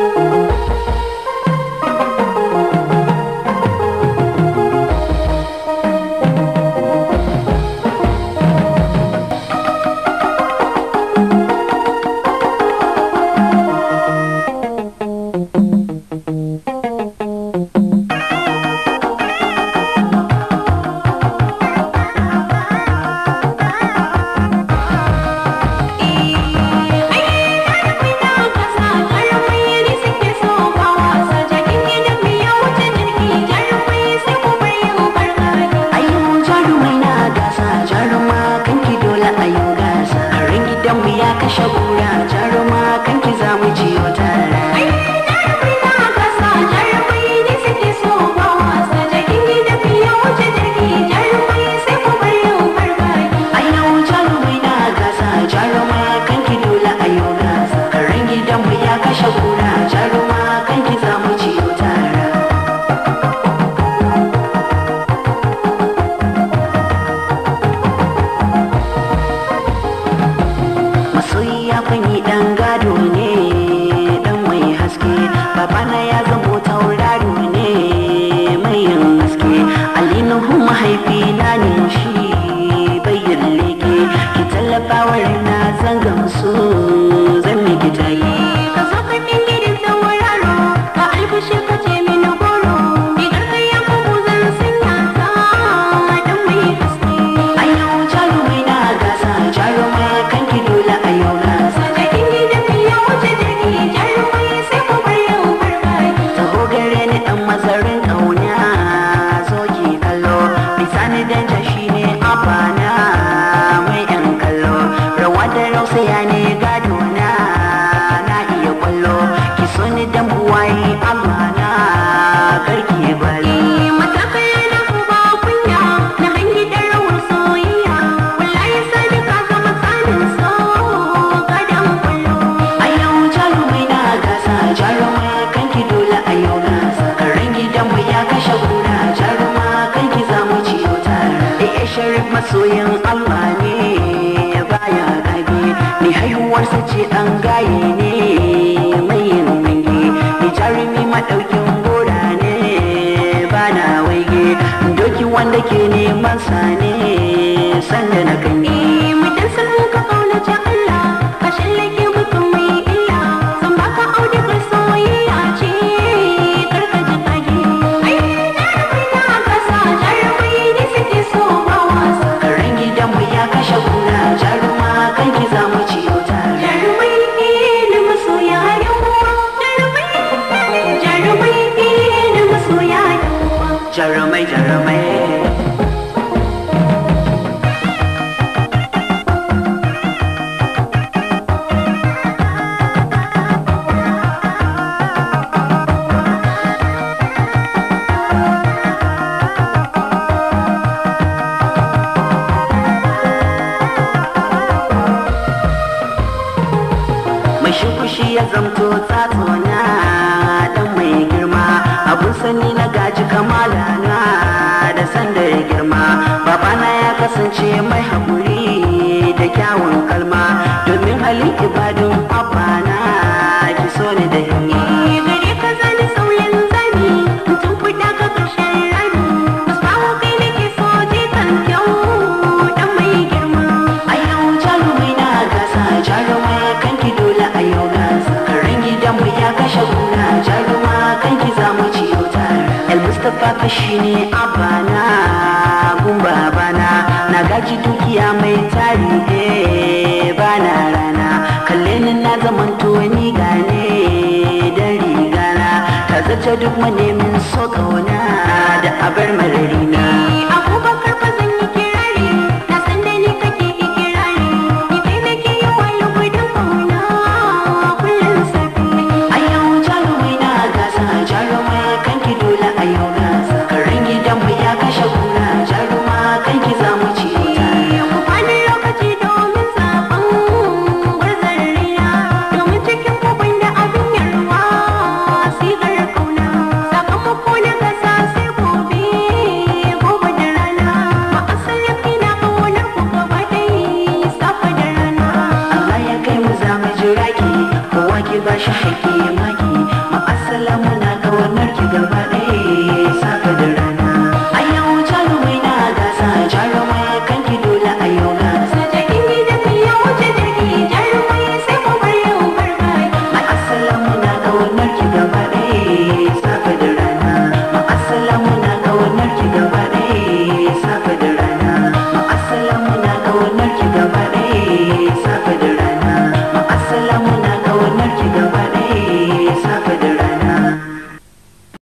Thank you. like a show. ni dan gado ne dan mai haske babana ya zamo taurari ne mai haske alinuhu shi ɗan gaye ne mai yin mingi jarumi maɗaukin gora ne ba na waige doki wanda ke neman sa ne sanda na kan kushi-kushi ya zamto tsatsona dan mai girma abun sani na gaji kamala na da sanda ya girma babana ya kasance mai haƙuri da kyawun kalma domin halin ibadun abana shine abana gumba bana, na gaji dukiya mai tari eh bana rana kalle ni na zamanto ni gane da rigana ta zace duk manemin so kauna da abar mararina